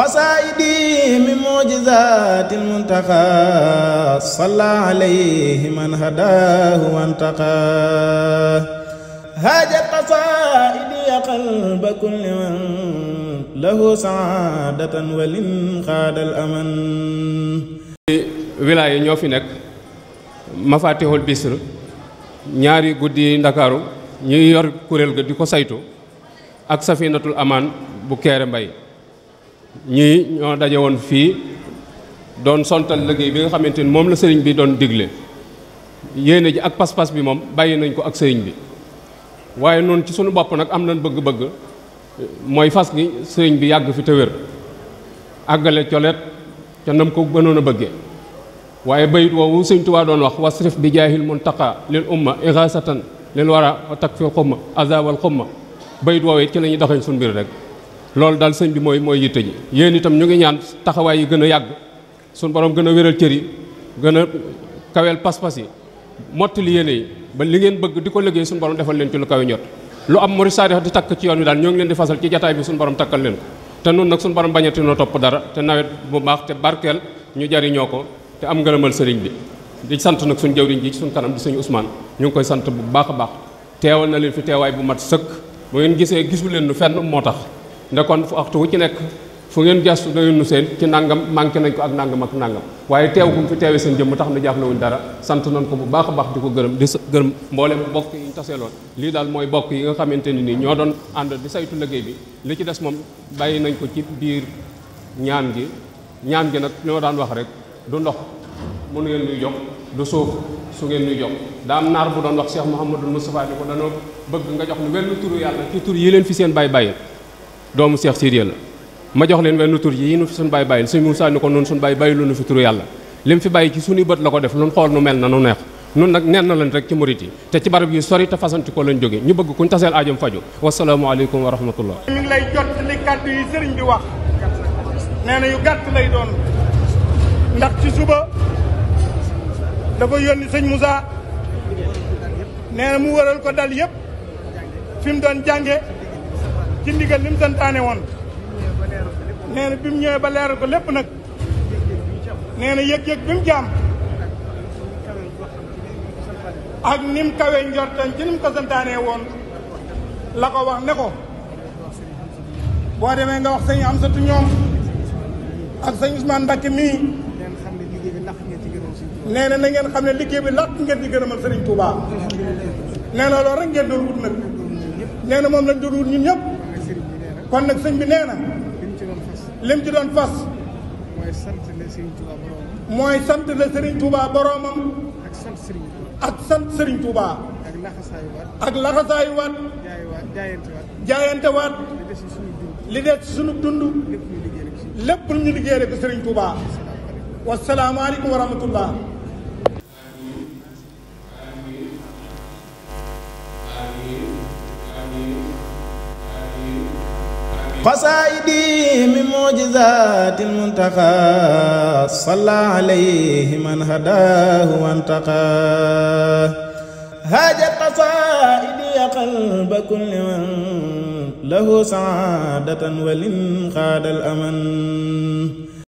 قصائدي من معجزات المنتقى صلى عليه من هداه وانتقى هاجت قصائدي قلب كل من له سعادة ولن خاد الأمن wilaaya ñoo fi nekk Mafatihul Bisr ñaari guddi Ndakaaru ñuy yor kuréel ga di ko saytu ak Safinatul Amaan bu Kéré Mbaye ñii ñoo daje woon fii doon sontal liggéey bi nga xamante ni moom la sëriñ bi doon digle yéene ji ak pas-pas bi moom bàyyi nañ ko ak sëriñ bi waaye noonu ci sunu bopp nag am nañ bëgg-bëgg mooy fas ngi sëriñ bi yàgg fi te àggale colet ca nam ko gënoon a bëggee waaye bayit woowu sëriñ Tuubaa doon wax wasrif bi jaahil muntaqa lil umma ixaasatan lil wara wa takfir xumma azawal xumma bayit woowu it ci la ñuy doxeñ suñu mbir rek loolu daal sëñ bi mooy mooy yitte ji yéen itam ñu ngi ñaan taxawaay yi gën a yàgg suñu borom gën a wéral cër gën a kaweel pas-pas yi mottali yéene yi ba li ngeen bëgg di ko liggéey suñu borom defal leen ci lu kawe ñot lu am murid saadix di takk ci yoon wi daal ñoo ngi leen di fasal ci jataay bi suñu borom takkal leen ko te nun nag suñu borom bañati noo topp dara te nawet bu baax te barkeel ñu jariñoo ko te am ngërëmal sëriñ bi di sant nag suñu jawriñ ji ci suñu kanam di suñu Ousmane ñu ngi koy sant bu baax a baax teewal na leen fi teewaay bu mat sëkk bu ngeen gisee gisu leen nu fenn moo tax ne kon waxtu wu ci nekk fu ngeen gestu da ngeen seen ci nangam manqué nañ ko ak nangam ak nangam waaye teew ku mu fi teewee seen jëmm tax na jàppale dara sant ko bu baax a baax di ko gërëm di gërëm mboolem bokk yi ñu taseeloon lii daal mooy bokk yi nga xamante ne nii ñoo doon ànd di saytu liggéey bi li ci des moom bàyyi nañ ko ci biir ñaan gi ñaan gi nag li daan wax rek du ndox mënu ngeen ñuy jox du suuf su ngeen ñuy jox daa naar bu doon wax Cheikh Mouhamadou Moustapha ni ko danoo bëgg nga jox nu wenn turu yàlla ci tur yi leen fi seen bàyyi bàyyi doomu Cheikh Sidiya la ma jox leen wenn tur yi nu fi suñu bàyyi bàyyil sëñ Moussa ni ko noonu suñu bàyyi bàyyi lu nu fi turu yàlla lim fi bàyyi ci suñuy bët la ko def lu nu xool nu mel na nu neex nun nag nen na leen rek ci murit yi te ci barab yi sori te fasanti ko lañ jóge ñu bëgg kuñ taseel aajam faju wasalaamaaleykum wa rahmatullah ñu ngi lay jot li kàddu yi sëriñ bi wax nee na yu gàtt lay doon ndax ci suba dafa yónni sëñ Moussa nee na mu wëral dal yëpp fi mu ci ndigal li mu santaane woon nee na bi mu ñëwee ba leeral ko lépp nag nee na yëg-yëg bi mu jaam ak ni mu kawee njortan ci ni mu ko santaane woon la ko wax ne ko boo demee nga wax am Amsatu ñoom ak sëñ Ousmane Mbacké mii nee na na ngeen xam ne liggéey bi làq ngeen di gërëmal Serigne Touba nee na loolu rek ngeen doon wut nag nee na moom lañ doon wut ñun ñëpp kon nag sëñ bi nee na. lim ci doon fas. lim ci doon fas. mooy sant la Touba boromam. mooy sant la Serigne Touba boromam. ak sant Serigne Touba. ak sant li des ci sunu dund. li des ci sunu dund. lépp ñu liggéey rek. lépp ñu liggéey rek قصائدي من معجزات المنتقى صلى عليه من هداه وانتقاه هاجت قصائدي قلب كل من له سعادة ولن خاد الأمن